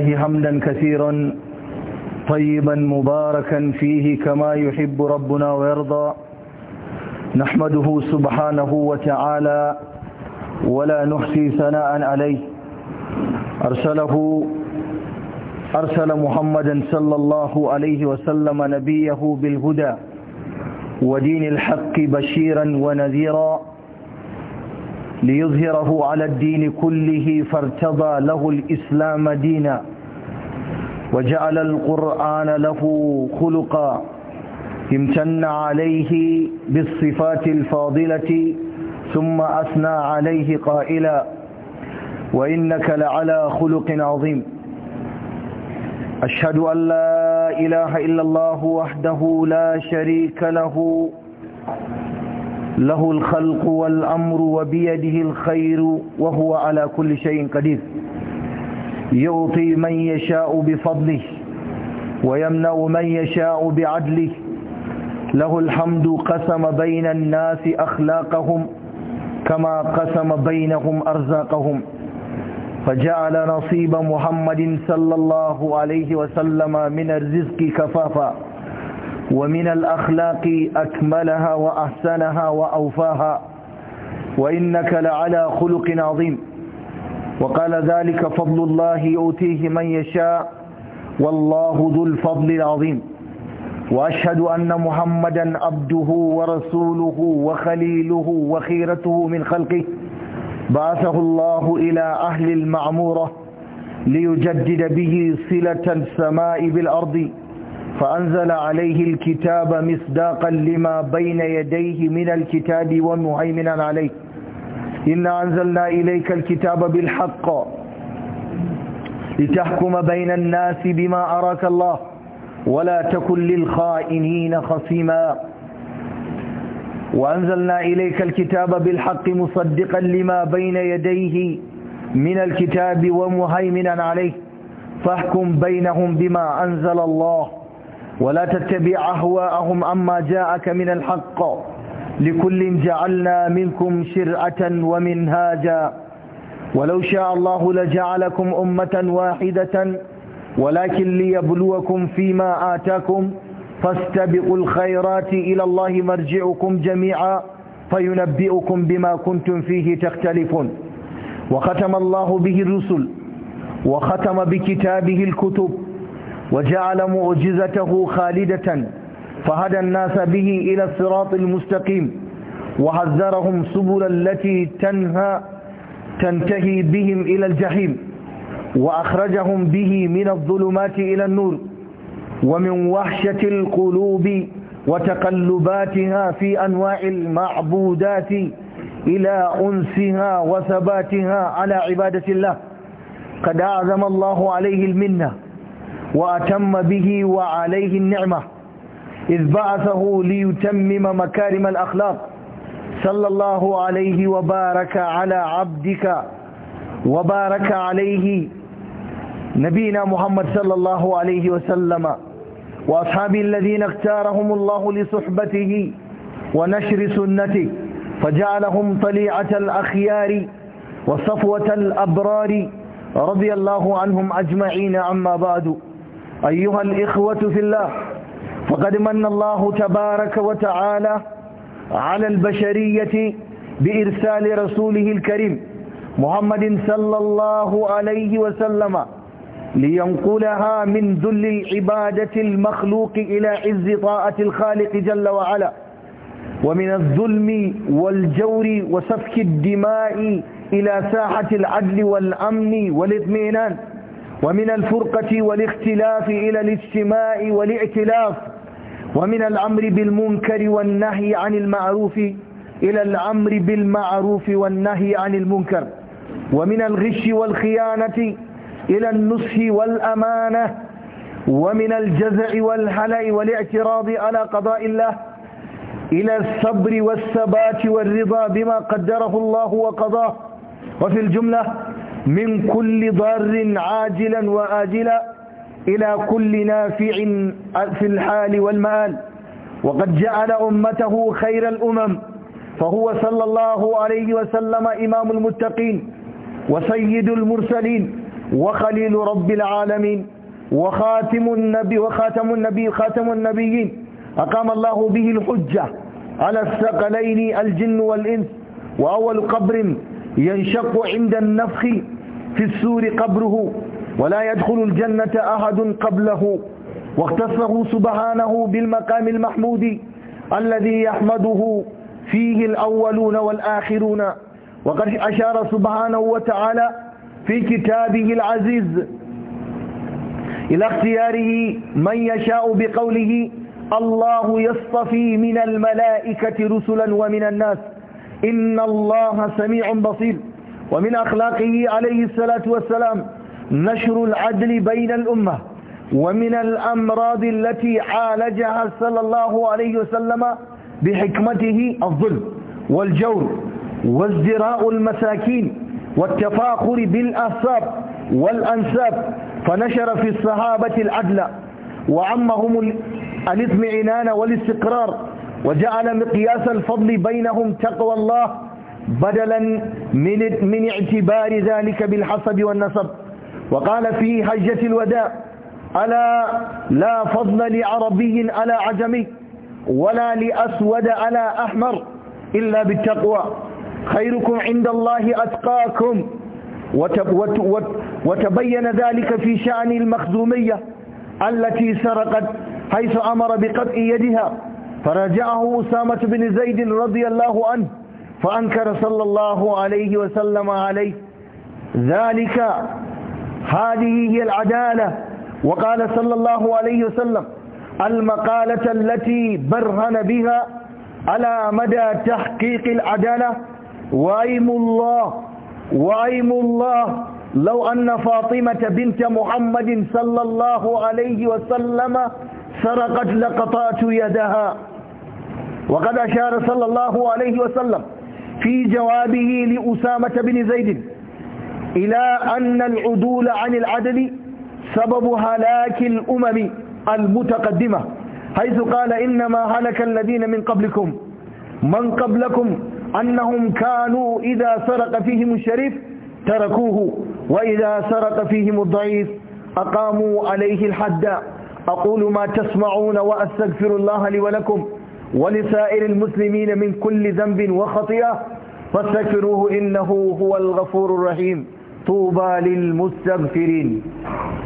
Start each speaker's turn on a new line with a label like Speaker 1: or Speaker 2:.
Speaker 1: الله حمدا كثيرا طيبا مباركا فيه كما يحب ربنا ويرضى نحمده سبحانه وتعالى ولا نحصي ثناء عليه أرسله أرسل محمدا صلى الله عليه وسلم نبيه بالهدى ودين الحق بشيرا ونذيرا ليظهره على الدين كله فارتضى له الإسلام دينا وجعل القرآن له خلقا امتن عليه بالصفات الفاضلة ثم أثنى عليه قائلا وإنك لعلى خلق عظيم أشهد أن لا إله إلا الله وحده لا شريك له له الخلق والأمر وبيده الخير وهو على كل شيء قدير يعطي من يشاء بفضله ويمنع من يشاء بعدله له الحمد قسم بين الناس أخلاقهم كما قسم بينهم أرزاقهم فجعل نصيب محمد صلى الله عليه وسلم من الرزق كفافا ومن الأخلاق أكملها وأحسنها وأوفاها وإنك لعلى خلق عظيم وقال ذلك فضل الله يؤتيه من يشاء والله ذو الفضل العظيم وأشهد أن محمدا عبده ورسوله وخليله وخيرته من خلقه بعثه الله إلى أهل المعمورة ليجدد به صلة السماء بالأرض فأنزل عليه الكتاب مصداقا لما بين يديه من الكتاب ومهيمنا عليه إنا أنزلنا إليك الكتاب بالحق لتحكم بين الناس بما أراك الله ولا تكن للخائنين خصيما وأنزلنا إليك الكتاب بالحق مصدقا لما بين يديه من الكتاب ومهيمنا عليه فاحكم بينهم بما أنزل الله ولا تتبع أهواءهم أما جاءك من الحق لكل جعلنا منكم شرعة ومنهاجا ولو شاء الله لجعلكم أمة واحدة ولكن ليبلوكم فيما آتاكم فاستبقوا الخيرات إلى الله مرجعكم جميعا فينبئكم بما كنتم فيه تختلفون وختم الله به الرسل وختم بكتابه الكتب وجعل معجزته خالدة فهدى الناس به إلى الصراط المستقيم وحذرهم سبل التي تنهى تنتهي بهم إلى الجحيم وأخرجهم به من الظلمات إلى النور ومن وحشة القلوب وتقلباتها في أنواع المعبودات إلى أنسها وثباتها على عبادة الله قد أعظم الله عليه المنه وأتم به وعليه النعمة إذ بعثه ليتمم مكارم الأخلاق صلى الله عليه وبارك على عبدك وبارك عليه نبينا محمد صلى الله عليه وسلم وأصحابه الذين اختارهم الله لصحبته ونشر سنته فجعلهم طليعة الأخيار وصفوة الأبرار رضي الله عنهم أجمعين عما بعد أيها الإخوة في الله فقد من الله تبارك وتعالى على البشرية بإرسال رسوله الكريم محمد صلى الله عليه وسلم لينقلها من ذل العبادة المخلوق إلى عز طاعة الخالق جل وعلا ومن الظلم والجور وسفك الدماء إلى ساحة العدل والأمن والاطمئنان ومن الفرقة والاختلاف إلى الاجتماع والاعتلاف ومن الأمر بالمنكر والنهي عن المعروف إلى الأمر بالمعروف والنهي عن المنكر ومن الغش والخيانة إلى النصح والأمانة ومن الجزع والهلع والاعتراض على قضاء الله إلى الصبر والثبات والرضا بما قدره الله وقضاه وفي الجملة من كل ضار عاجلا وآجلا إلى كل نافع في الحال والمآل وقد جعل أمته خير الأمم فهو صلى الله عليه وسلم إمام المتقين وسيد المرسلين وخليل رب العالمين وخاتم النبي وخاتم النبي خاتم النبيين أقام الله به الحجة على الثقلين الجن والإنس وأول قبر ينشق عند النفخ في السور قبره ولا يدخل الجنة أحد قبله واختصه سبحانه بالمقام المحمود الذي يحمده فيه الأولون والآخرون وقد أشار سبحانه وتعالى في كتابه العزيز إلى اختياره من يشاء بقوله الله يصطفي من الملائكة رسلا ومن الناس إن الله سميع بصير ومن أخلاقه عليه الصلاة والسلام نشر العدل بين الأمة ومن الأمراض التي عالجها صلى الله عليه وسلم بحكمته الظلم والجور وازدراء المساكين والتفاخر بالأصاب والأنساب فنشر في الصحابة العدل وعمهم الاطمئنان والاستقرار وجعل مقياس الفضل بينهم تقوى الله بدلا من من اعتبار ذلك بالحسب والنسب وقال في حجة الوداع ألا لا فضل لعربي على عجمي ولا لأسود على أحمر إلا بالتقوى خيركم عند الله أتقاكم وتبين ذلك في شأن المخزومية التي سرقت حيث أمر بقطع يدها فرجعه أسامة بن زيد رضي الله عنه فأنكر صلى الله عليه وسلم عليه ذلك هذه هي العدالة وقال صلى الله عليه وسلم المقالة التي برهن بها على مدى تحقيق العدالة وأيم الله وأيم الله لو أن فاطمة بنت محمد صلى الله عليه وسلم سرقت لقطات يدها وقد أشار صلى الله عليه وسلم في جوابه لأسامة بن زيد إلى أن العدول عن العدل سبب هلاك الأمم المتقدمة حيث قال إنما هلك الذين من قبلكم من قبلكم أنهم كانوا إذا سرق فيهم الشريف تركوه وإذا سرق فيهم الضعيف أقاموا عليه الحد أقول ما تسمعون وأستغفر الله لي ولكم ولسائر المسلمين من كل ذنب وخطيئة فاستغفروه إنه هو الغفور الرحيم طوبى للمستغفرين